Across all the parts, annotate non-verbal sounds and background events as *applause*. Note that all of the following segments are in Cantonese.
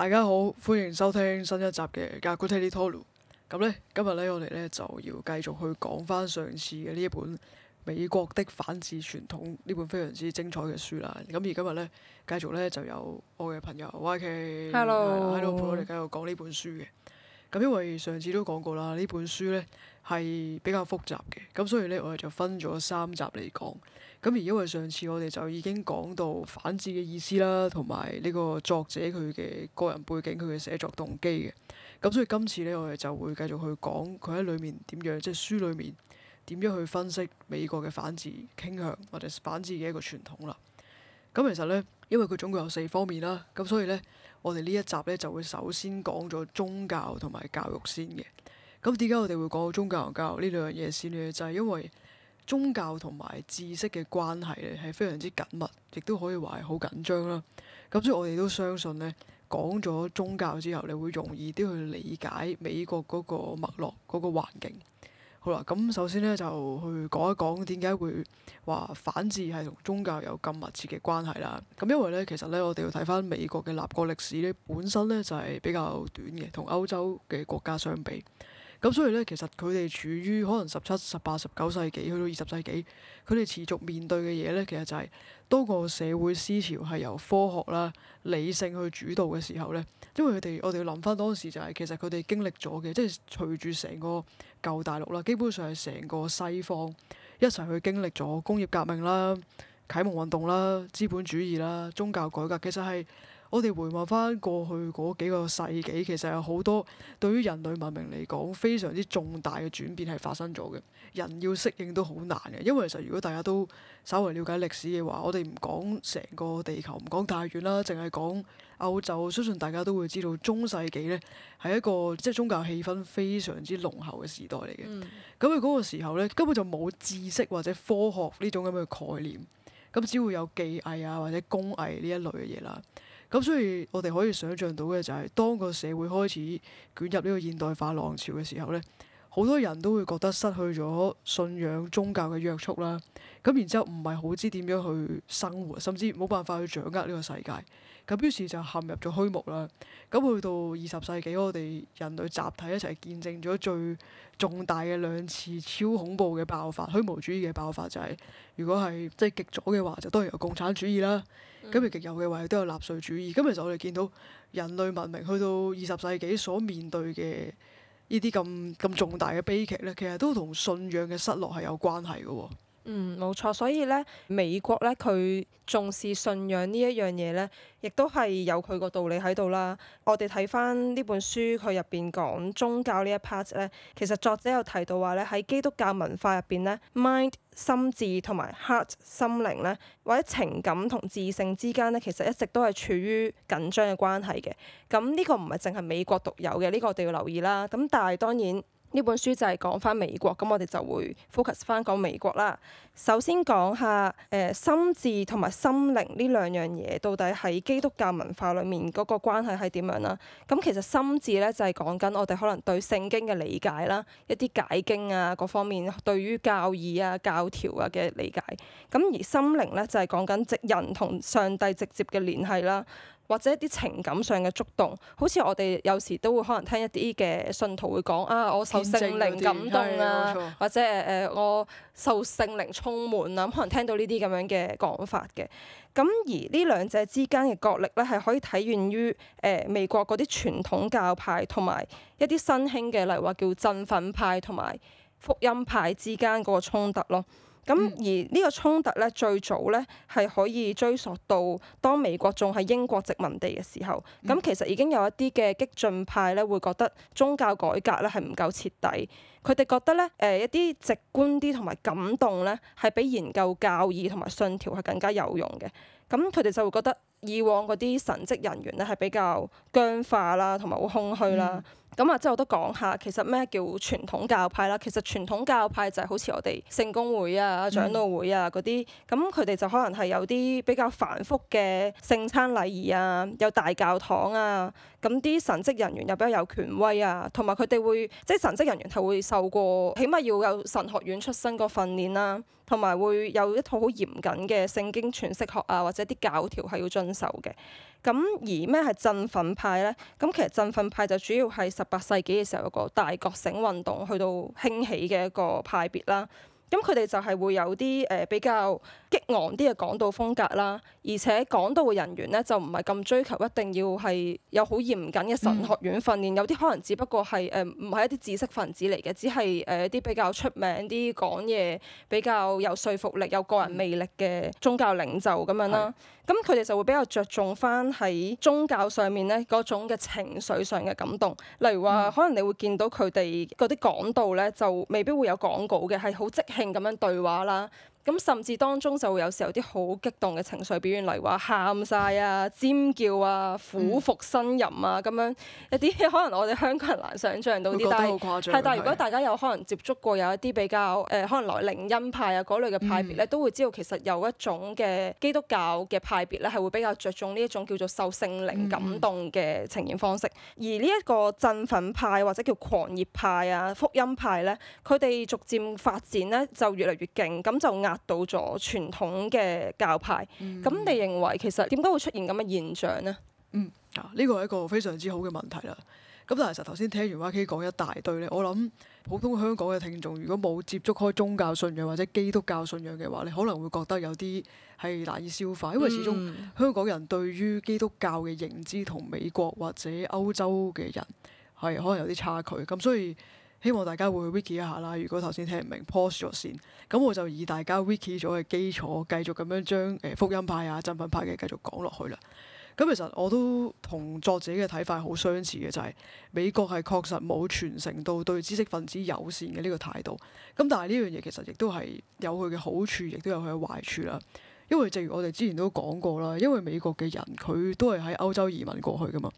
大家好，歡迎收聽新一集嘅《Gutierrez Tolo》。咁呢，今日呢，我哋呢就要繼續去講翻上次嘅呢一本美國的反智傳統呢本非常之精彩嘅書啦。咁而今日呢，繼續呢就有我嘅朋友 YK，Hello 係咯，喺度陪我哋繼續講呢本書嘅。咁因為上次都講過啦，呢本書呢係比較複雜嘅，咁所以呢，我哋就分咗三集嚟講。咁而因為上次我哋就已經講到反智嘅意思啦，同埋呢個作者佢嘅個人背景、佢嘅寫作動機嘅。咁所以今次呢，我哋就會繼續去講佢喺裏面點樣，即係書裏面點樣去分析美國嘅反智傾向或者反智嘅一個傳統啦。咁其實呢，因為佢總共有四方面啦，咁所以呢，我哋呢一集呢，就會首先講咗宗教同埋教育先嘅。咁點解我哋會講到宗教同教育呢兩樣嘢先呢？就係因為宗教同埋知識嘅關係咧，係非常之緊密，亦都可以話係好緊張啦。咁所以我哋都相信呢，講咗宗教之後，你會容易啲去理解美國嗰個脈絡嗰個環境。好啦，咁首先呢就去講一講點解會話反智係同宗教有咁密切嘅關係啦。咁因為呢，其實呢，我哋要睇翻美國嘅立國歷史呢，本身呢就係比較短嘅，同歐洲嘅國家相比。咁所以咧，其實佢哋處於可能十七、十八、十九世紀去到二十世紀，佢哋持續面對嘅嘢咧，其實就係當個社會思潮係由科學啦、理性去主導嘅時候咧，因為佢哋我哋要諗翻當時就係其實佢哋經歷咗嘅，即係隨住成個舊大陸啦，基本上係成個西方一齊去經歷咗工業革命啦、啟蒙運動啦、資本主義啦、宗教改革，其實係。我哋回望翻過去嗰幾個世紀，其實有好多對於人類文明嚟講非常之重大嘅轉變係發生咗嘅。人要適應都好難嘅，因為其實如果大家都稍微了解歷史嘅話，我哋唔講成個地球，唔講太遠啦，淨係講歐洲，相信大家都會知道中世紀呢係一個即係、就是、宗教氣氛非常之濃厚嘅時代嚟嘅。咁佢嗰個時候呢，根本就冇知識或者科學呢種咁嘅概念，咁只會有技藝啊或者工藝呢一類嘅嘢啦。咁所以，我哋可以想象到嘅就係，當個社會開始捲入呢個現代化浪潮嘅時候咧，好多人都會覺得失去咗信仰宗教嘅約束啦。咁然之後唔係好知點樣去生活，甚至冇辦法去掌握呢個世界。咁於是就陷入咗虛無啦。咁去到二十世紀，我哋人類集體一齊見證咗最重大嘅兩次超恐怖嘅爆發，虛無主義嘅爆發就係、是，如果係即係極左嘅話，就都然當然有共產主義啦。咁其極有嘅話，亦都有納粹主義。咁其實我哋見到人類文明去到二十世紀所面對嘅呢啲咁咁重大嘅悲劇咧，其實都同信仰嘅失落係有關係嘅喎。嗯，冇錯，所以咧，美國咧佢重視信仰呢一樣嘢咧，亦都係有佢個道理喺度啦。我哋睇返呢本書佢入邊講宗教呢一 part 咧，其實作者有提到話咧，喺基督教文化入邊咧，mind 心智同埋 heart 心靈咧，或者情感同智性之間咧，其實一直都係處於緊張嘅關係嘅。咁呢個唔係淨係美國獨有嘅，呢個我哋要留意啦。咁但係當然。呢本書就係講翻美國，咁我哋就會 focus 翻講美國啦。首先講下誒、呃、心智同埋心靈呢兩樣嘢，到底喺基督教文化裏面嗰個關係係點樣啦？咁其實心智咧就係講緊我哋可能對聖經嘅理解啦，一啲解經啊各方面對於教義啊教條啊嘅理解。咁而心靈咧就係講緊直人同上帝直接嘅聯繫啦。或者一啲情感上嘅觸動，好似我哋有時都會可能聽一啲嘅信徒會講啊，我受聖靈感動啊，或者誒誒、呃、我受聖靈充滿啊，可能聽到呢啲咁樣嘅講法嘅。咁而呢兩者之間嘅角力咧，係可以體現於誒美國嗰啲傳統教派同埋一啲新興嘅，例如話叫振奮派同埋福音派之間嗰個衝突咯。咁、嗯、而呢個衝突咧，最早咧係可以追溯到當美國仲係英國殖民地嘅時候。咁、嗯、其實已經有一啲嘅激進派咧，會覺得宗教改革咧係唔夠徹底。佢哋覺得咧，誒一啲直觀啲同埋感動咧，係比研究教義同埋信條係更加有用嘅。咁佢哋就會覺得以往嗰啲神職人員咧係比較僵化啦，同埋好空虛啦。嗯咁啊，即係我都講下，其實咩叫傳統教派啦？其實傳統教派就係好似我哋聖公會啊、長老會啊嗰啲，咁佢哋就可能係有啲比較繁複嘅聖餐禮儀啊，有大教堂啊，咁啲神職人員又比較有權威啊，同埋佢哋會，即係神職人員，係會受過起碼要有神學院出身個訓練啦。同埋會有一套好嚴謹嘅聖經詮釋學啊，或者啲教條係要遵守嘅。咁而咩係振奮派呢？咁其實振奮派就主要係十八世紀嘅時候有一個大覺醒運動去到興起嘅一個派別啦。咁佢哋就係會有啲誒比較激昂啲嘅講道風格啦，而且講道嘅人員呢，就唔係咁追求一定要係有好嚴謹嘅神學院訓練，嗯、有啲可能只不過係誒唔係一啲知識分子嚟嘅，只係誒一啲比較出名啲講嘢、比較有說服力、有個人魅力嘅宗教領袖咁樣啦。咁佢哋就會比較着重翻喺宗教上面呢嗰種嘅情緒上嘅感動，例如話可能你會見到佢哋嗰啲講道呢，就未必會有講稿嘅，係好即咁樣對話啦。 *noise* 咁甚至當中就會有時候有啲好激動嘅情緒表現，例如話喊晒啊、尖叫啊、苦服呻吟啊咁樣一啲，可能我哋香港人難想象到啲。覺得好誇張。係，但係如果大家有可能接觸過有一啲比較誒、呃，可能來靈恩派啊嗰類嘅派別咧，嗯、都會知道其實有一種嘅基督教嘅派別咧，係會比較着重呢一種叫做受聖靈感動嘅呈現方式。而呢一個振奮派或者叫狂熱派啊、福音派咧，佢哋逐漸發展咧就越嚟越勁，咁就達到咗傳統嘅教派。咁、嗯、你認為其實點解會出現咁嘅現象呢？嗯，啊呢個係一個非常之好嘅問題啦。咁但其實頭先聽完 YK 講一大堆咧，我諗普通香港嘅聽眾如果冇接觸開宗教信仰或者基督教信仰嘅話，你可能會覺得有啲係難以消化，因為始終、嗯、香港人對於基督教嘅認知同美國或者歐洲嘅人係可能有啲差距，咁所以。希望大家會去 wiki 一下啦。如果頭先聽唔明 pause 咗先。咁我就以大家 wiki 咗嘅基礎，繼續咁樣將誒、呃、福音派啊、鎮品派嘅繼續講落去啦。咁其實我都同作者嘅睇法好相似嘅，就係、是、美國係確實冇傳承到對知識分子友善嘅呢個態度。咁但係呢樣嘢其實亦都係有佢嘅好處，亦都有佢嘅壞處啦。因為正如我哋之前都講過啦，因為美國嘅人佢都係喺歐洲移民過去噶嘛，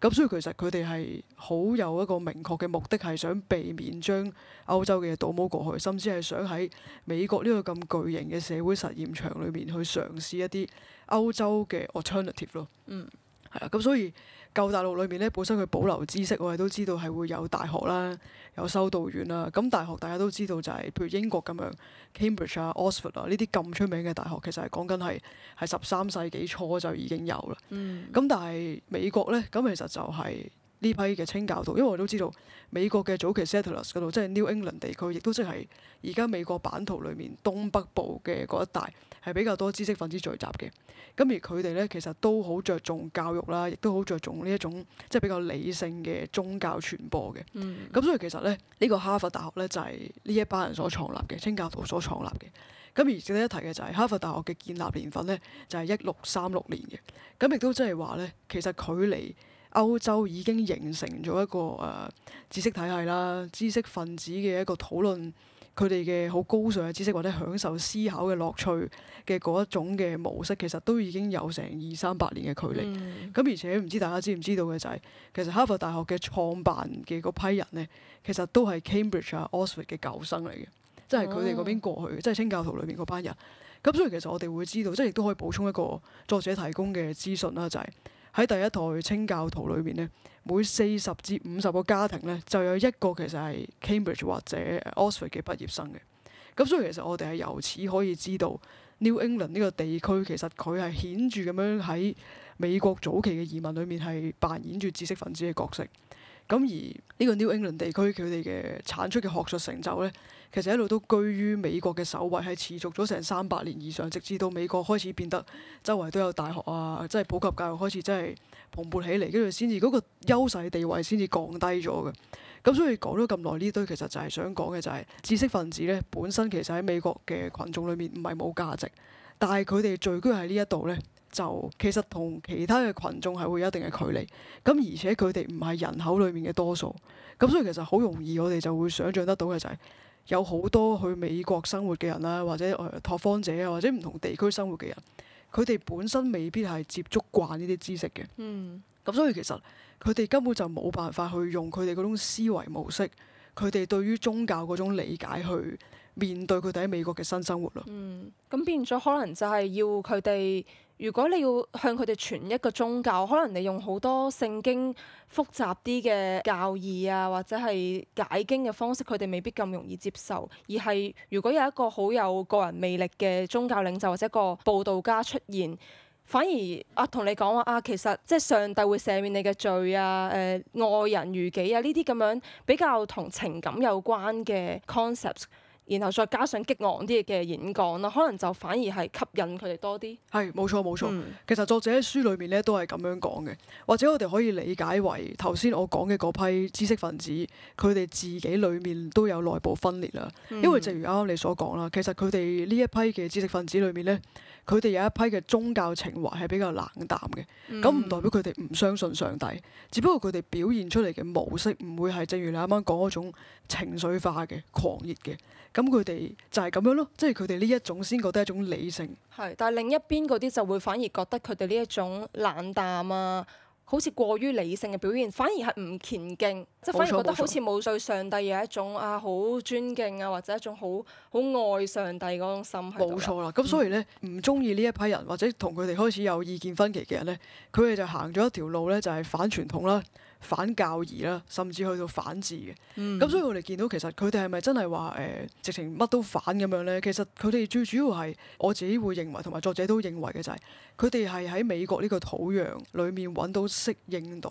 咁所以其實佢哋係好有一個明確嘅目的，係想避免將歐洲嘅嘢倒模過去，甚至係想喺美國呢個咁巨型嘅社會實驗場裏面去嘗試一啲歐洲嘅 alternative 咯。嗯，係啦，咁所以。舊大陸裏面咧，本身佢保留知識，我哋都知道係會有大學啦，有修道院啦。咁大學大家都知道就係、是，譬如英國咁樣 Cambridge 啊、Oxford 啊呢啲咁出名嘅大學，其實係講緊係喺十三世紀初就已經有啦。咁、嗯、但係美國呢，咁其實就係呢批嘅清教徒，因為我都知道美國嘅早期 settlers 嗰度，即係 New England 地區，亦都即係而家美國版圖裏面東北部嘅嗰一帶。係比較多知識分子聚集嘅，咁而佢哋呢，其實都好着重教育啦，亦都好着重呢一種即係、就是、比較理性嘅宗教傳播嘅。咁、嗯、所以其實呢，呢、這個哈佛大學呢，就係呢一班人所創立嘅清教徒所創立嘅。咁而值得一提嘅就係哈佛大學嘅建立年份呢，就係一六三六年嘅。咁亦都即係話呢，其實距離歐洲已經形成咗一個誒、呃、知識體系啦，知識分子嘅一個討論。佢哋嘅好高尚嘅知識或者享受思考嘅樂趣嘅嗰一種嘅模式，其實都已經有成二三百年嘅距離。咁、嗯、而且唔知大家知唔知道嘅就係、是，其實哈佛大學嘅創辦嘅嗰批人呢，其實都係 Cambridge、Oxford 嘅舊生嚟嘅，即係佢哋嗰邊過去，嗯、即係清教徒裏面嗰班人。咁所以其實我哋會知道，即係亦都可以補充一個作者提供嘅資訊啦，就係、是。喺第一代清教徒裏面呢，每四十至五十個家庭呢，就有一個其實係 Cambridge 或者 Oxford 嘅畢業生嘅。咁所以其實我哋係由此可以知道 New England 呢個地區，其實佢係顯著咁樣喺美國早期嘅移民裏面係扮演住知識分子嘅角色。咁而呢個 New England 地區佢哋嘅產出嘅學術成就呢，其實一路都居於美國嘅首位，係持續咗成三百年以上，直至到美國開始變得周圍都有大學啊，即係普及教育開始真係蓬勃起嚟，跟住先至嗰個優勢地位先至降低咗嘅。咁所以講咗咁耐呢堆，其實就係想講嘅就係知識分子呢，本身其實喺美國嘅群眾裏面唔係冇價值，但係佢哋聚居喺呢一度呢。就其實同其他嘅群眾係會有一定嘅距離，咁而且佢哋唔係人口裏面嘅多數，咁所以其實好容易我哋就會想像得到嘅就係有好多去美國生活嘅人啦，或者誒拓荒者啊，或者唔同地區生活嘅人，佢哋本身未必係接觸慣呢啲知識嘅，嗯，咁所以其實佢哋根本就冇辦法去用佢哋嗰種思維模式，佢哋對於宗教嗰種理解去面對佢哋喺美國嘅新生活咯，嗯，咁變咗可能就係要佢哋。如果你要向佢哋傳一個宗教，可能你用好多聖經複雜啲嘅教義啊，或者係解經嘅方式，佢哋未必咁容易接受。而係如果有一個好有個人魅力嘅宗教領袖或者一個佈道家出現，反而啊，同你講話啊，其實即係上帝會赦免你嘅罪啊，誒、呃，愛人如己啊，呢啲咁樣比較同情感有關嘅 concept。然後再加上激昂啲嘅演講啦，可能就反而係吸引佢哋多啲。係，冇錯，冇錯，錯錯嗯、其實作者喺書裏面咧都係咁樣講嘅。或者我哋可以理解為頭先我講嘅嗰批知識分子，佢哋自己裏面都有內部分裂啦。嗯、因為正如啱啱你所講啦，其實佢哋呢一批嘅知識分子裏面咧。佢哋有一批嘅宗教情懷係比較冷淡嘅，咁唔代表佢哋唔相信上帝，只不過佢哋表現出嚟嘅模式唔會係正如你啱啱講嗰種情緒化嘅狂熱嘅，咁佢哋就係咁樣咯，即係佢哋呢一種先覺得一種理性。係，但係另一邊嗰啲就會反而覺得佢哋呢一種冷淡啊。好似過於理性嘅表現，反而係唔虔敬，即係冇錯，反而覺得好似冇對上帝有一種啊好尊敬啊，或者一種好好愛上帝嗰種心。冇錯啦，咁所以咧，唔中意呢一批人或者同佢哋開始有意見分歧嘅人咧，佢哋就行咗一條路咧，就係反傳統啦。反教義啦，甚至去到反智嘅。咁、嗯、所以我哋見到其實佢哋係咪真係話誒直情乜都反咁樣呢？其實佢哋最主要係我自己會認為，同埋作者都認為嘅就係佢哋係喺美國呢個土壤裡面揾到適應到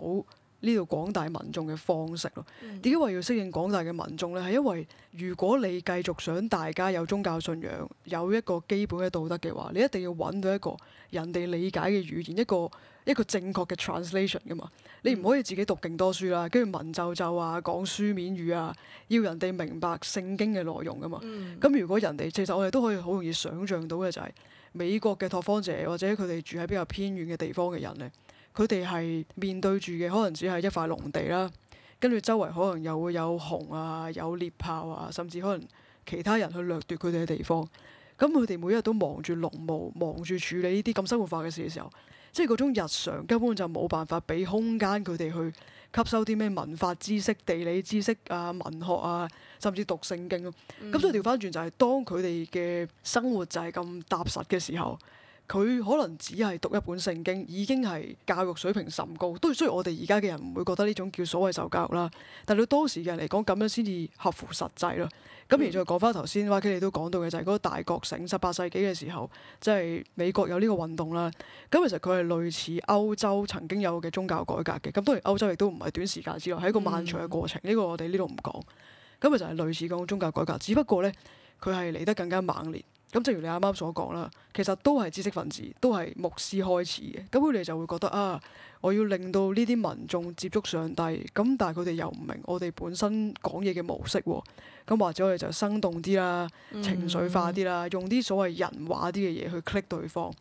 呢度廣大民眾嘅方式咯。點解話要適應廣大嘅民眾呢？係因為如果你繼續想大家有宗教信仰，有一個基本嘅道德嘅話，你一定要揾到一個人哋理解嘅語言一個。一個正確嘅 translation 㗎嘛，你唔可以自己讀勁多書啦，跟住文縐縐啊，講書面語啊，要人哋明白聖經嘅內容㗎嘛。咁、嗯、如果人哋其實我哋都可以好容易想像到嘅就係、是、美國嘅拓荒者或者佢哋住喺比較偏遠嘅地方嘅人咧，佢哋係面對住嘅可能只係一塊農地啦，跟住周圍可能又會有熊啊、有獵豹啊，甚至可能其他人去掠奪佢哋嘅地方。咁佢哋每一日都忙住農務，忙住處理呢啲咁生活化嘅事嘅時候。即係嗰種日常根本就冇辦法俾空間佢哋去吸收啲咩文化知識、地理知識啊、文學啊，甚至讀聖經咯。咁、嗯、所以調翻轉就係、是、當佢哋嘅生活就係咁踏實嘅時候。佢可能只係讀一本聖經，已經係教育水平甚高，都雖然我哋而家嘅人唔會覺得呢種叫所謂受教育啦。但係佢當時嘅人嚟講，咁樣先至合乎實際咯。咁而再講翻頭先，瓦基，你都講到嘅就係、是、嗰個大覺醒，十八世紀嘅時候，即、就、係、是、美國有呢個運動啦。咁其實佢係類似歐洲曾經有嘅宗教改革嘅。咁當然歐洲亦都唔係短時間之內，係一個漫長嘅過程。呢、嗯、個我哋呢度唔講。咁其實係類似種宗教改革，只不過呢，佢係嚟得更加猛烈。咁正如你啱啱所講啦，其實都係知識分子，都係牧師開始嘅。咁佢哋就會覺得啊，我要令到呢啲民眾接觸上帝。咁但係佢哋又唔明我哋本身講嘢嘅模式喎。咁或者我哋就生動啲啦，情緒化啲啦，用啲所謂人話啲嘅嘢去 click 對方。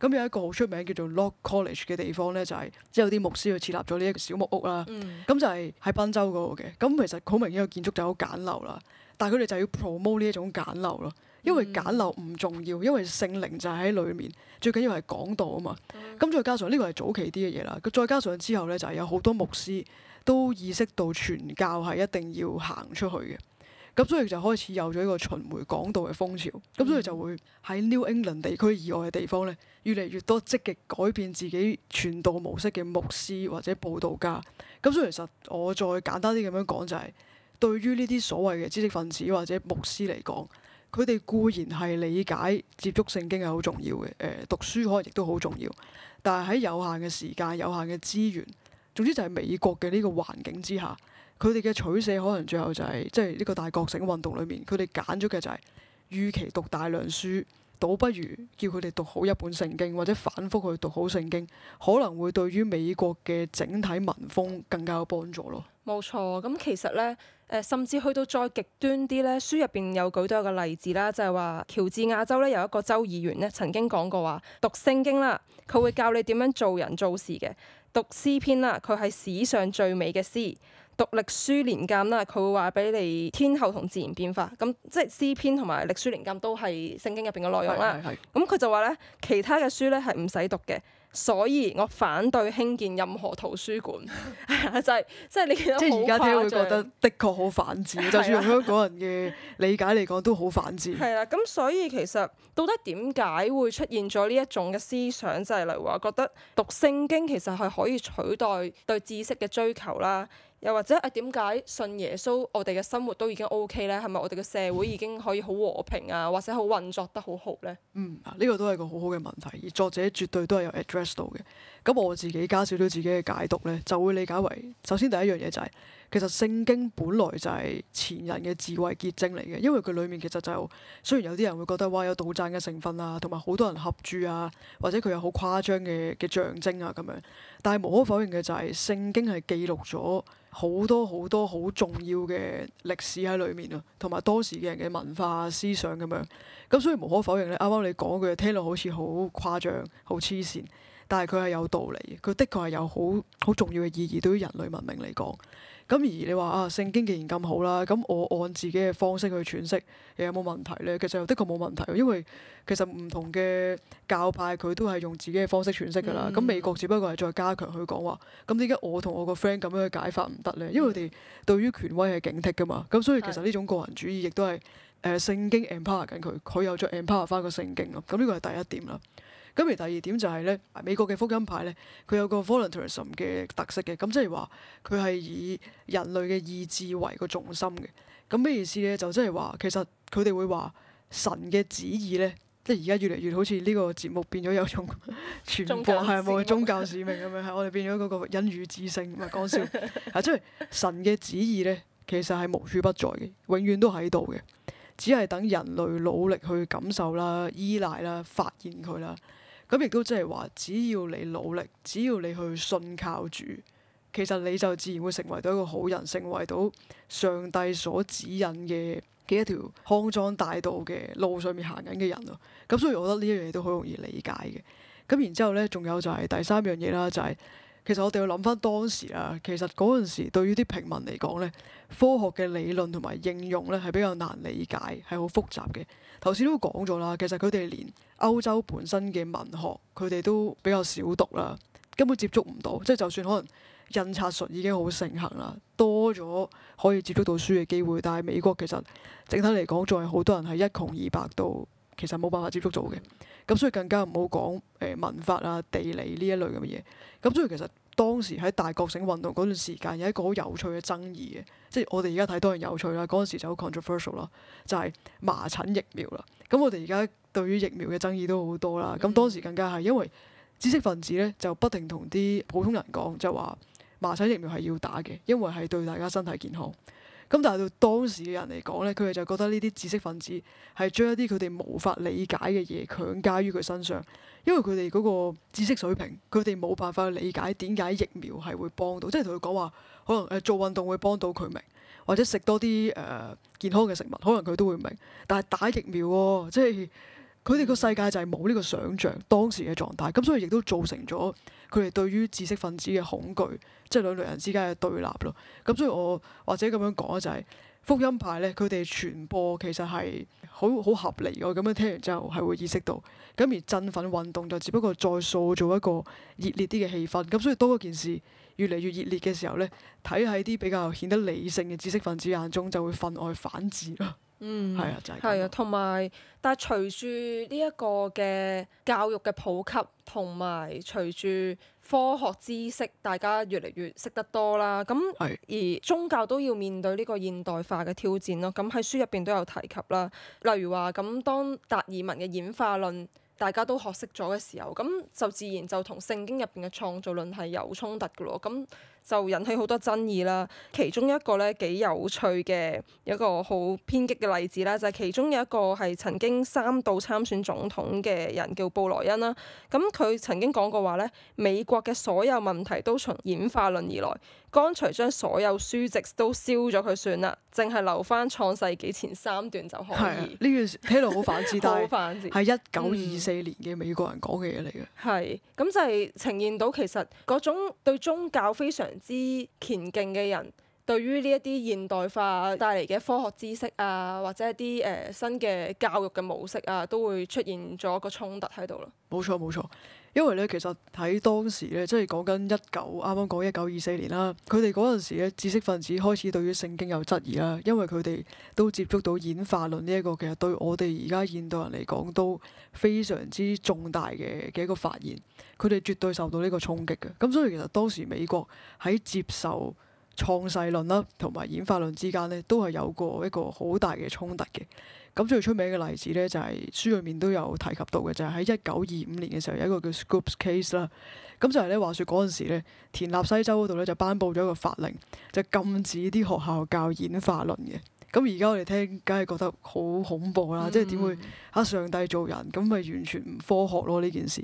咁有一個好出名叫做 Lock College 嘅地方呢，就係即係有啲牧師去設立咗呢一個小木屋啦。咁、嗯、就係喺賓州嗰度嘅。咁其實好明顯個建築就好簡陋啦。但係佢哋就要 promote 呢一種簡陋咯。因為簡陋唔重要，因為聖靈就喺裏面，最緊要係講道啊嘛。咁、嗯、再加上呢、呢個係早期啲嘅嘢啦。咁再加上之後呢，就係、是、有好多牧師都意識到傳教係一定要行出去嘅。咁所以就開始有咗一個巡迴講道嘅風潮。咁所以就會喺 New England 地區以外嘅地方呢，越嚟越多積極改變自己傳道模式嘅牧師或者佈道家。咁所以其實我再簡單啲咁樣講、就是，就係對於呢啲所謂嘅知識分子或者牧師嚟講。佢哋固然係理解接觸聖經係好重要嘅，誒、呃、讀書可能亦都好重要。但係喺有限嘅時間、有限嘅資源，總之就係美國嘅呢個環境之下，佢哋嘅取捨可能最後就係即係呢個大覺醒運動裏面，佢哋揀咗嘅就係與其讀大量書，倒不如叫佢哋讀好一本聖經，或者反覆去讀好聖經，可能會對於美國嘅整體文風更加有幫助咯。冇錯，咁其實呢。甚至去到再極端啲呢，書入邊有舉到一個例子啦，就係話喬治亞州咧有一個州議員咧曾經講過話，讀聖經啦，佢會教你點樣做人做事嘅；讀詩篇啦，佢係史上最美嘅詩；讀歷書年鑑啦，佢會話俾你天候同自然變化咁，即係詩篇同埋歷書年鑑都係聖經入邊嘅內容啦。咁佢就話呢，其他嘅書呢係唔使讀嘅。所以我反對興建任何圖書館， *laughs* 就係即係你覺得即係而家先會覺得的確好反智， *laughs* 就算香港人嘅理解嚟講都好反智。係啦， *laughs* 咁所以其實到底點解會出現咗呢一種嘅思想？就係例如話覺得讀聖經其實係可以取代對知識嘅追求啦。又或者啊，點解信耶穌，我哋嘅生活都已經 OK 咧？係咪我哋嘅社會已經可以好和平啊，或者好運作得好好咧？嗯，呢、這個都係個好好嘅問題，而作者絕對都係有 address 到嘅。咁我自己加少少自己嘅解讀咧，就會理解為首先第一樣嘢就係、是。其實聖經本來就係前人嘅智慧結晶嚟嘅，因為佢裡面其實就雖然有啲人會覺得話有杜撰嘅成分啊，同埋好多人合著啊，或者佢有好誇張嘅嘅象徵啊咁樣，但係無可否認嘅就係、是、聖經係記錄咗好多好多好重要嘅歷史喺裡面啊，同埋當時嘅人嘅文化思想咁樣。咁所以無可否認咧，啱啱你講嘅聽落好似好誇張、好黐線，但係佢係有道理嘅，佢的確係有好好重要嘅意義對於人類文明嚟講。咁而你話啊，聖經既然咁好啦，咁我按自己嘅方式去詮釋又有冇問題咧？其實又的確冇問題，因為其實唔同嘅教派佢都係用自己嘅方式詮釋㗎啦。咁、嗯、美國只不過係再加強佢講話，咁點解我同我個 friend 咁樣去解法唔得咧？因為佢哋對於權威係警惕㗎嘛。咁所以其實呢種個人主義亦都係誒聖經 empower 緊佢，佢又再 empower 翻個聖經啊。咁呢個係第一點啦。咁而第二點就係咧，美國嘅福音派咧，佢有個 voluntarism 嘅特色嘅，咁即係話佢係以人類嘅意志為個重心嘅。咁咩意思咧？就即係話其實佢哋會話神嘅旨意咧，即係而家越嚟越好似呢個節目變咗有種傳 *laughs* 播係冇宗，宗教使命咁樣，係 *laughs* 我哋變咗嗰個引喻之勝，唔係講笑。 *laughs* 啊，即係神嘅旨意咧，其實係無處不在嘅，永遠都喺度嘅，只係等人類努力去感受啦、依賴啦、發現佢啦。咁亦都即係話，只要你努力，只要你去信靠主，其實你就自然會成為到一個好人，成為到上帝所指引嘅嘅一條康莊大道嘅路上面行緊嘅人咯。咁所以我覺得呢一樣嘢都好容易理解嘅。咁然之後咧，仲有就係第三樣嘢啦，就係、是、其實我哋要諗翻當時啦，其實嗰陣時對於啲平民嚟講呢，科學嘅理論同埋應用呢，係比較難理解，係好複雜嘅。頭先都講咗啦，其實佢哋連歐洲本身嘅文學，佢哋都比較少讀啦，根本接觸唔到。即係就算可能印刷術已經好盛行啦，多咗可以接觸到書嘅機會，但係美國其實整體嚟講，仲係好多人係一窮二白到，其實冇辦法接觸到嘅。咁所以更加唔好講誒文法啊、地理呢一類咁嘅嘢。咁所以其實。當時喺大覺醒運動嗰段時間，有一個好有趣嘅爭議嘅，即係我哋而家睇當然有趣啦，嗰陣時就好 controversial 啦，就係麻疹疫苗啦。咁我哋而家對於疫苗嘅爭議都好多啦。咁當時更加係因為知識分子咧，就不停同啲普通人講，就話麻疹疫苗係要打嘅，因為係對大家身體健康。咁但係到當時嘅人嚟講咧，佢哋就覺得呢啲知識分子係將一啲佢哋無法理解嘅嘢強加於佢身上。因為佢哋嗰個知識水平，佢哋冇辦法去理解點解疫苗係會幫到，即係同佢講話可能誒做運動會幫到佢明，或者食多啲誒健康嘅食物，可能佢都會明。但係打疫苗喎，即係佢哋個世界就係冇呢個想像當時嘅狀態，咁所以亦都造成咗佢哋對於知識分子嘅恐懼，即係兩類人之間嘅對立咯。咁所以我或者咁樣講就係。福音派咧，佢哋傳播其實係好好合理嘅，咁樣聽完之後係會意識到。咁而振奮運動就只不過再塑造一個熱烈啲嘅氣氛。咁所以多個件事越嚟越熱烈嘅時候咧，睇喺啲比較顯得理性嘅知識分子眼中就會分外反智咯。嗯，係啊，就係、是。係啊，同埋，但係隨住呢一個嘅教育嘅普及，同埋隨住。科學知識大家越嚟越識得多啦，咁而宗教都要面對呢個現代化嘅挑戰咯。咁喺書入邊都有提及啦，例如話咁當達爾文嘅演化論大家都學識咗嘅時候，咁就自然就同聖經入邊嘅創造論係有衝突嘅咯。咁就引起好多爭議啦。其中一個咧幾有趣嘅一個好偏激嘅例子啦，就係、是、其中有一個係曾經三度參選總統嘅人叫布萊恩啦。咁佢曾經講過話咧，美國嘅所有問題都從演化論而來，乾脆將所有書籍都燒咗佢算啦，淨係留翻創世紀前三段就可以。係呢段睇落好反智，好 *laughs* 反智思，係一九二四年嘅美國人講嘅嘢嚟嘅。係、嗯，咁就係呈現到其實嗰種對宗教非常。之虔敬嘅人，對於呢一啲現代化帶嚟嘅科學知識啊，或者一啲誒、呃、新嘅教育嘅模式啊，都會出現咗個衝突喺度咯。冇錯，冇錯。因為咧，其實喺當時咧，即係講緊一九，啱啱講一九二四年啦。佢哋嗰陣時咧，知識分子開始對於聖經有質疑啦，因為佢哋都接觸到演化論呢一個，其實對我哋而家現代人嚟講都非常之重大嘅嘅一個發現。佢哋絕對受到呢個衝擊嘅。咁所以其實當時美國喺接受創世論啦，同埋演化論之間咧，都係有過一個好大嘅衝突嘅。咁最出名嘅例子咧，就係書裏面都有提及到嘅，就係喺一九二五年嘅時候，有一個叫 Scopes Case 啦。咁就係咧話説嗰陣時咧，田納西州嗰度咧就頒布咗一個法令，就是、禁止啲學校教，教演化論嘅。咁而家我哋聽，梗係覺得好恐怖啦！嗯嗯，即係點會嚇上帝做人？咁咪完全唔科學咯呢件事。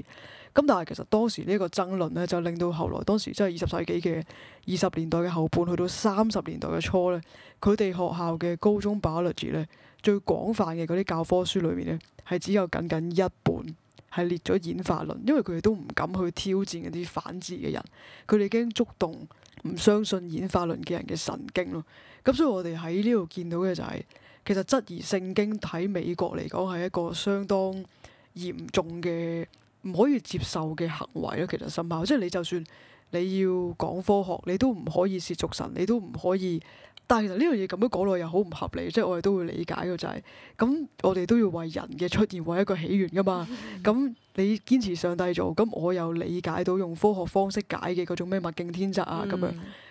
咁但係其實當時呢一個爭論咧，就令到後來當時即係二十世紀嘅二十年代嘅後半，去到三十年代嘅初咧，佢哋學校嘅高中 biology 咧。最廣泛嘅嗰啲教科書裏面呢，係只有僅僅一本係列咗演化論，因為佢哋都唔敢去挑戰嗰啲反智嘅人，佢哋驚觸動唔相信演化論嘅人嘅神經咯。咁所以我哋喺呢度見到嘅就係，其實質疑聖經喺美國嚟講係一個相當嚴重嘅唔可以接受嘅行為咯。其實深刻，即係你就算你要講科學，你都唔可以褻瀆神，你都唔可以。但係其實呢樣嘢咁樣講落又好唔合理，即係我哋都會理解嘅就係、是，咁我哋都要為人嘅出現為一個起源噶嘛。咁 *laughs* 你堅持上帝做，咁我又理解到用科學方式解嘅嗰種咩物競天擇啊咁、嗯、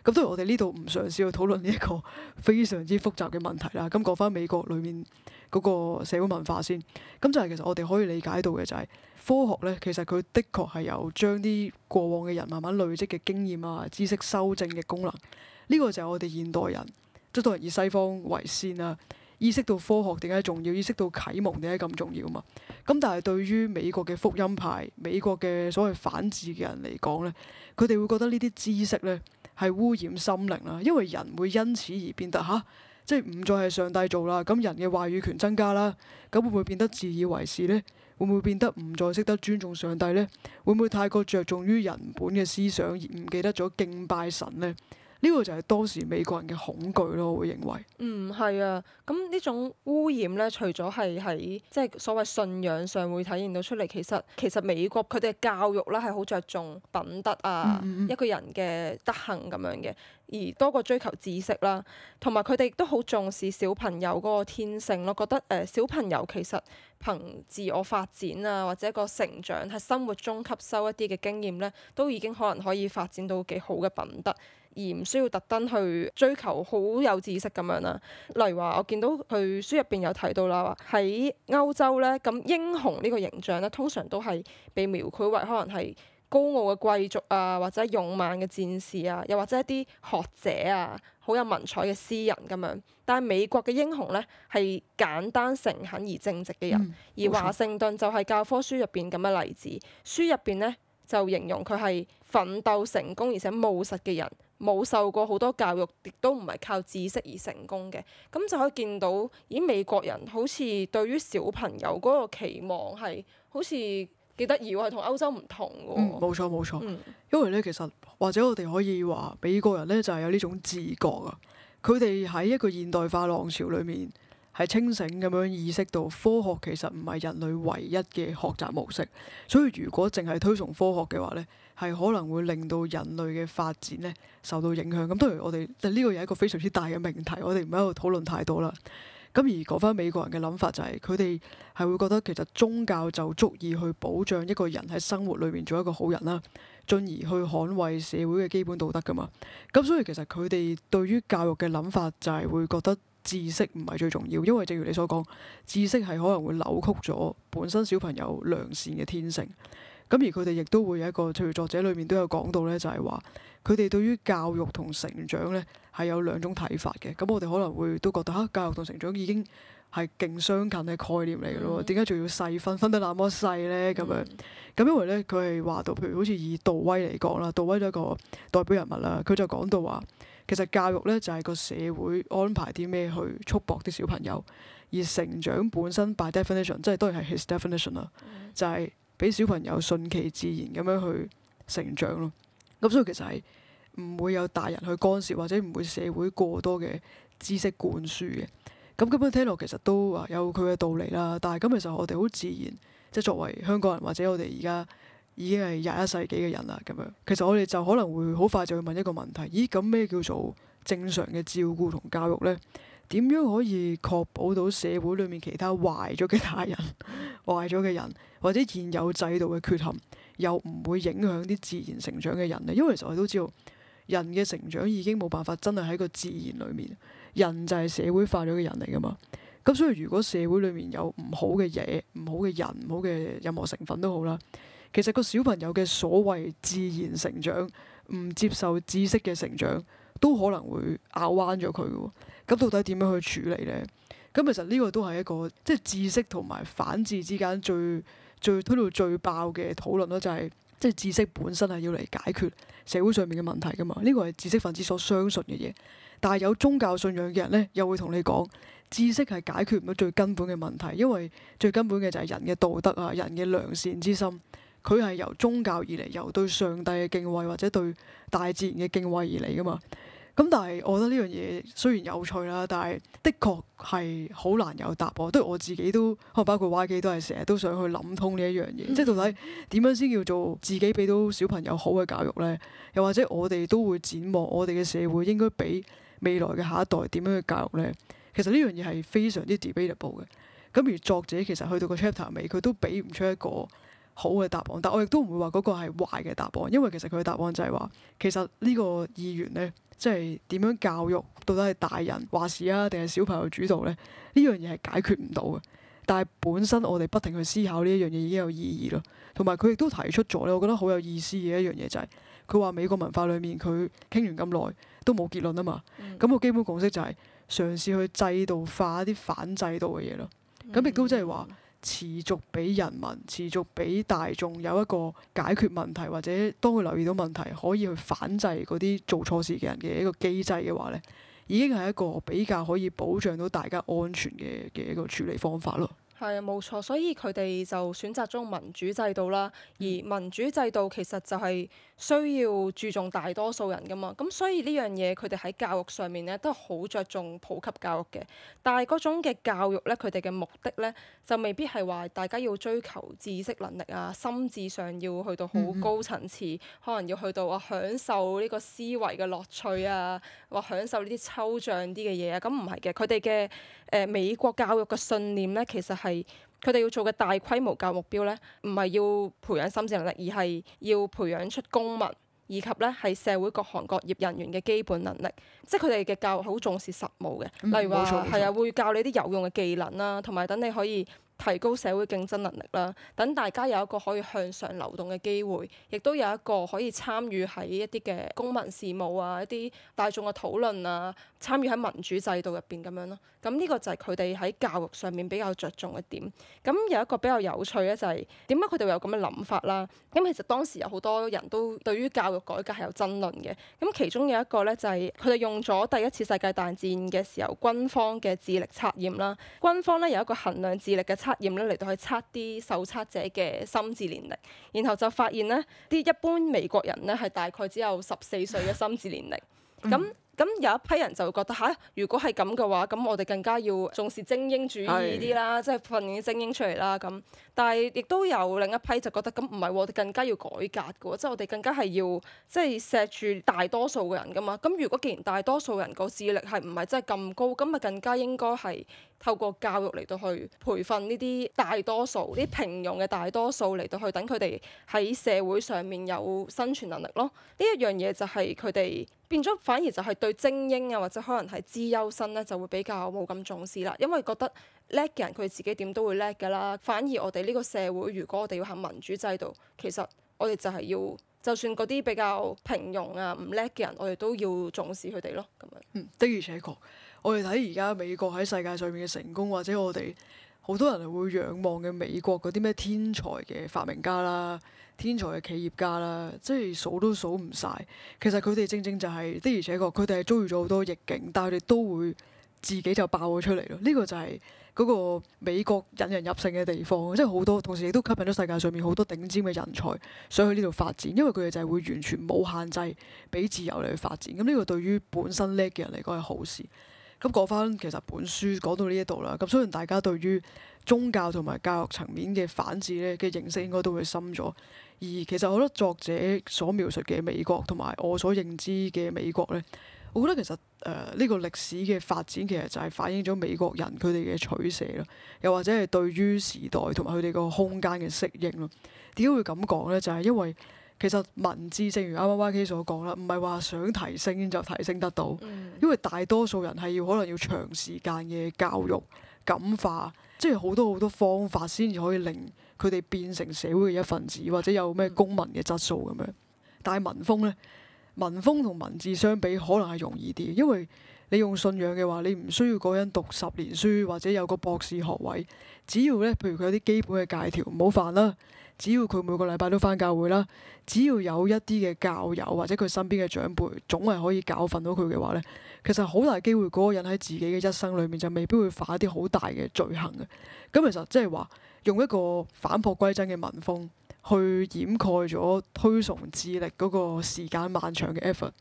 樣。咁都係我哋呢度唔嘗試去討論呢一個非常之複雜嘅問題啦。咁講翻美國裏面嗰個社會文化先，咁就係其實我哋可以理解到嘅就係、是、科學咧，其實佢的確係有將啲過往嘅人慢慢累積嘅經驗啊、知識修正嘅功能。呢、這個就係我哋現代人。都係以西方為先啊，意識到科學點解重要，意識到啟蒙點解咁重要嘛。咁但係對於美國嘅福音派、美國嘅所謂反智嘅人嚟講呢，佢哋會覺得呢啲知識呢係污染心靈啦。因為人會因此而變得吓，即係唔再係上帝做啦。咁人嘅話語權增加啦，咁會唔會變得自以為是呢？會唔會變得唔再識得尊重上帝呢？會唔會太過着重於人本嘅思想而唔記得咗敬拜神呢？呢個就係當時美國人嘅恐懼咯，我會認為。嗯，係啊，咁呢種污染咧，除咗係喺即係所謂信仰上會體現到出嚟，其實其實美國佢哋嘅教育咧，係好着重品德啊，嗯、一個人嘅德行咁樣嘅。而多過追求知識啦，同埋佢哋都好重視小朋友嗰個天性咯，覺得誒小朋友其實憑自我發展啊，或者個成長喺生活中吸收一啲嘅經驗咧，都已經可能可以發展到幾好嘅品德，而唔需要特登去追求好有知識咁樣啦。例如話，我見到佢書入邊有提到啦，話喺歐洲咧，咁英雄呢個形象咧，通常都係被描繪為可能係。高傲嘅貴族啊，或者勇猛嘅戰士啊，又或者一啲學者啊，好有文采嘅詩人咁樣。但係美國嘅英雄咧，係簡單誠懇而正直嘅人。嗯、而華盛頓就係教科書入邊咁嘅例子。書入邊咧就形容佢係奮鬥成功而且務實嘅人，冇受過好多教育，亦都唔係靠知識而成功嘅。咁就可以見到，咦？美國人好似對於小朋友嗰個期望係好似。幾得意喎，同歐洲唔同喎。嗯，冇錯冇錯，因為咧其實或者我哋可以話美國人咧就係有呢種自覺啊。佢哋喺一個現代化浪潮裏面係清醒咁樣意識到科學其實唔係人類唯一嘅學習模式。所以如果淨係推崇科學嘅話咧，係可能會令到人類嘅發展咧受到影響。咁當然我哋就呢個係一個非常之大嘅命題，我哋唔喺度討論太多啦。咁而講返美國人嘅諗法就係佢哋係會覺得其實宗教就足以去保障一個人喺生活裏面做一個好人啦，進而去捍衛社會嘅基本道德㗎嘛。咁所以其實佢哋對於教育嘅諗法就係會覺得知識唔係最重要，因為正如你所講，知識係可能會扭曲咗本身小朋友良善嘅天性。咁而佢哋亦都會有一個，譬如作者裏面都有講到咧，就係話佢哋對於教育同成長咧係有兩種睇法嘅。咁我哋可能會都覺得嚇、啊，教育同成長已經係勁相近嘅概念嚟嘅咯，點解仲要細分分得那麼細咧？咁、mm. 樣咁因為咧，佢係話到，譬如好似以杜威嚟講啦，杜威就一個代表人物啦，佢就講到話其實教育咧就係、是、個社會安排啲咩去束縛啲小朋友，而成長本身 by definition 即係當然係 his definition 啦、mm. 就是，就係。俾小朋友順其自然咁樣去成長咯。咁所以其實係唔會有大人去干涉，或者唔會社會過多嘅知識灌輸嘅。咁咁樣聽落其實都啊有佢嘅道理啦。但係咁其實我哋好自然，即係作為香港人或者我哋而家已經係廿一世紀嘅人啦。咁樣其實我哋就可能會好快就會問一個問題：咦？咁咩叫做正常嘅照顧同教育呢？點樣可以確保到社會裏面其他壞咗嘅大人、壞咗嘅人，或者現有制度嘅缺陷，又唔會影響啲自然成長嘅人呢？因為其實我哋都知道，人嘅成長已經冇辦法真係喺個自然裏面，人就係社會化咗嘅人嚟噶嘛。咁所以如果社會裏面有唔好嘅嘢、唔好嘅人、唔好嘅任何成分都好啦，其實個小朋友嘅所謂自然成長，唔接受知識嘅成長，都可能會拗彎咗佢嘅喎。咁到底點樣去處理呢？咁其實呢個都係一個即係、就是、知識同埋反智之間最最推到最、最爆嘅討論咯，就係即係知識本身係要嚟解決社會上面嘅問題噶嘛。呢個係知識分子所相信嘅嘢，但係有宗教信仰嘅人呢，又會同你講知識係解決唔到最根本嘅問題，因為最根本嘅就係人嘅道德啊、人嘅良善之心，佢係由宗教而嚟，由對上帝嘅敬畏或者對大自然嘅敬畏而嚟噶嘛。咁、嗯、但係，我覺得呢樣嘢雖然有趣啦，但係的確係好難有答案。都我，我自己都，包括 YG 都係成日都想去諗通呢一樣嘢，嗯、即係到底點樣先叫做自己俾到小朋友好嘅教育咧？又或者我哋都會展望我哋嘅社會應該俾未來嘅下一代點樣去教育咧？其實呢樣嘢係非常之 debatable 嘅。咁而作者其實去到個 chapter 尾，佢都俾唔出一個好嘅答案。但我亦都唔會話嗰個係壞嘅答案，因為其實佢嘅答案就係話，其實呢個議員咧。即係點樣教育？到底係大人話事啊，定係小朋友主導咧？呢樣嘢係解決唔到嘅。但係本身我哋不停去思考呢一樣嘢已經有意義咯。同埋佢亦都提出咗咧，我覺得好有意思嘅一樣嘢就係佢話美國文化裡面，佢傾完咁耐都冇結論啊嘛。咁個基本共識就係嘗試去制度化啲反制度嘅嘢咯。咁亦都即係話。持續俾人民、持續俾大眾有一個解決問題，或者當佢留意到問題，可以去反制嗰啲做錯事嘅人嘅一個機制嘅話咧，已經係一個比較可以保障到大家安全嘅嘅一個處理方法咯。係啊，冇錯，所以佢哋就選擇咗民主制度啦。而民主制度其實就係需要注重大多數人噶嘛。咁所以呢樣嘢佢哋喺教育上面咧都好着重普及教育嘅。但係嗰種嘅教育咧，佢哋嘅目的咧就未必係話大家要追求知識能力啊，心智上要去到好高層次，嗯嗯可能要去到話享受呢個思維嘅樂趣啊，話享受呢啲抽象啲嘅嘢啊。咁唔係嘅，佢哋嘅。誒、呃、美國教育嘅信念咧，其實係佢哋要做嘅大規模教育目標咧，唔係要培養心智能力，而係要培養出公民，以及咧係社會各行各業人員嘅基本能力。即係佢哋嘅教育好重視實務嘅，嗯、例如話，冇錯，係啊，會教你啲有用嘅技能啦，同埋等你可以。提高社會競爭能力啦，等大家有一個可以向上流動嘅機會，亦都有一個可以參與喺一啲嘅公民事務啊，一啲大眾嘅討論啊，參與喺民主制度入邊咁樣咯。咁、這、呢個就係佢哋喺教育上面比較着重嘅點。咁有一個比較有趣咧、就是，就係點解佢哋會有咁嘅諗法啦？咁其實當時有好多人都對於教育改革係有爭論嘅。咁其中有一個咧，就係佢哋用咗第一次世界大戰嘅時候軍方嘅智力測驗啦，軍方咧有一個衡量智力嘅測驗。測驗咧，嚟到去測啲受測者嘅心智年齡，然後就發現呢啲一般美國人呢係大概只有十四歲嘅心智年齡。咁咁 *laughs* 有一批人就會覺得吓、啊，如果係咁嘅話，咁我哋更加要重視精英主義啲啦，是即係訓練啲精英出嚟啦咁。但係亦都有另一批就覺得咁，唔係我哋更加要改革嘅，即係我哋更加係要即係錫住大多數嘅人㗎嘛。咁如果既然大多數人個智力係唔係真係咁高，咁咪更加應該係透過教育，嚟到去培訓呢啲大多數、啲平庸嘅大多數嚟到去等佢哋喺社會上面有生存能力咯。呢一樣嘢就係佢哋變咗，反而就係對精英啊或者可能係資優生咧就會比較冇咁重視啦，因為覺得叻嘅人佢自己點都會叻㗎啦。反而我哋。呢個社會，如果我哋要行民主制度，其實我哋就係要，就算嗰啲比較平庸啊、唔叻嘅人，我哋都要重視佢哋咯。咁樣，嗯，的而且確，我哋睇而家美國喺世界上面嘅成功，或者我哋好多人係會仰望嘅美國嗰啲咩天才嘅發明家啦、天才嘅企業家啦，即係數都數唔晒。其實佢哋正正就係的而且確，佢哋係遭遇咗好多逆境，但係佢哋都會自己就爆咗出嚟咯。呢個就係。嗰個美國引人入勝嘅地方，即係好多，同時亦都吸引咗世界上面好多頂尖嘅人才想去呢度發展，因為佢哋就係會完全冇限制，俾自由嚟去發展。咁呢個對於本身叻嘅人嚟講係好事。咁講返其實本書講到呢一度啦，咁雖然大家對於宗教同埋教育層面嘅反智呢嘅認識應該都會深咗，而其實我覺得作者所描述嘅美國同埋我所認知嘅美國呢。我覺得其實誒呢、呃呢個歷史嘅發展其實就係反映咗美國人佢哋嘅取捨咯，又或者係對於時代同埋佢哋個空間嘅適應咯。點解會咁講呢？就係、係、因為其實文字，正如啱啱 YK 所講啦，唔係話想提升就提升得到，嗯、因為大多數人係要可能要長時間嘅教育感化，即係好多好多方法先至可以令佢哋變成社會嘅一份子，或者有咩公民嘅質素咁樣。但係文風呢？文風同文字相比，可能係容易啲，因為你用信仰嘅話，你唔需要嗰個人讀十年書或者有個博士學位，只要咧，譬如佢有啲基本嘅戒條，唔好犯啦；只要佢每個禮拜都返教會啦；只要有一啲嘅教友或者佢身邊嘅長輩總係可以教訓到佢嘅話咧，其實好大機會嗰個人喺自己嘅一生裏面就未必會犯一啲好大嘅罪行嘅。咁其實即係話用一個反璞歸真嘅文風，去掩蓋咗推崇智力嗰個時間漫長嘅 effort，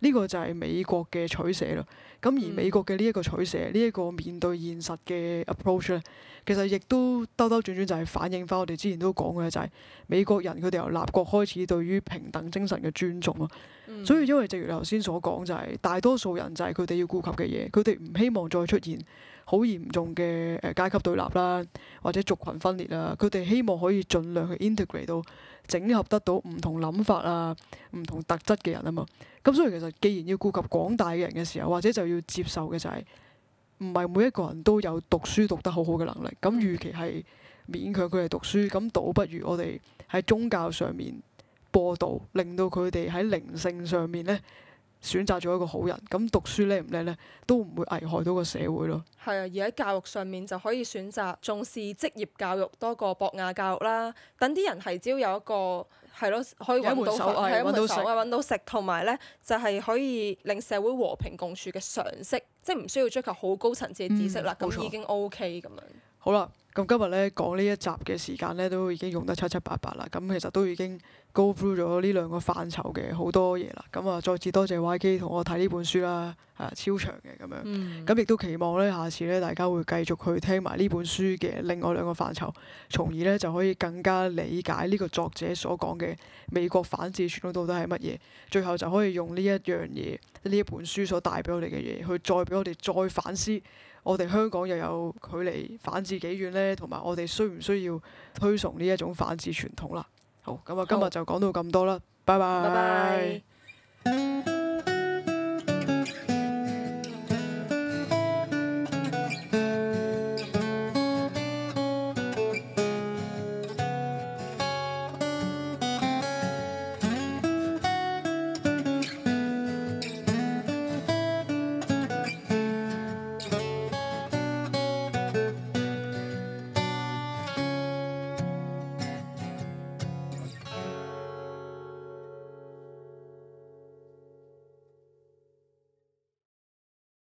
呢個就係美國嘅取捨啦。咁而美國嘅呢一個取捨，呢、這、一個面對現實嘅 approach 咧，其實亦都兜兜轉轉就係反映返我哋之前都講嘅、就是，就係美國人佢哋由立國開始對於平等精神嘅尊重咯。嗯、所以因為正如你頭先所講、就是，就係大多數人就係佢哋要顧及嘅嘢，佢哋唔希望再出現。好嚴重嘅誒階級對立啦，或者族群分裂啦，佢哋希望可以盡量去 integrate 到整合得到唔同諗法啊、唔同特質嘅人啊嘛。咁所以其實既然要顧及廣大嘅人嘅時候，或者就要接受嘅就係唔係每一個人都有讀書讀得好好嘅能力。咁與其係勉強佢哋讀書，咁倒不如我哋喺宗教上面播道，令到佢哋喺靈性上面咧。選擇咗一個好人，咁讀書叻唔叻呢？都唔會危害到個社會咯。係啊，而喺教育上面就可以選擇重視職業教育多過博雅教育啦。等啲人係只要有一個係咯，可以揾到食，揾到食，同埋呢就係可以令社會和平共處嘅常識，即係唔需要追求好高層次嘅知識啦。咁已經 OK 咁樣。好啦，咁今日咧講呢一集嘅時間咧都已經用得七七八八啦。咁其實都已經 go through 咗呢兩個範疇嘅好多嘢啦。咁啊，再次多謝 YG 同我睇呢本書啦，係、啊、超長嘅咁樣。咁、嗯、亦都期望咧，下次咧大家會繼續去聽埋呢本書嘅另外兩個範疇，從而咧就可以更加理解呢個作者所講嘅美國反智傳統到底係乜嘢。最後就可以用呢一樣嘢、呢一本書所帶俾我哋嘅嘢，去再俾我哋再反思。我哋香港又有距離反智幾遠呢？同埋我哋需唔需要推崇呢一種反智傳統啦？好，咁啊，今日就講到咁多啦，拜拜。拜拜。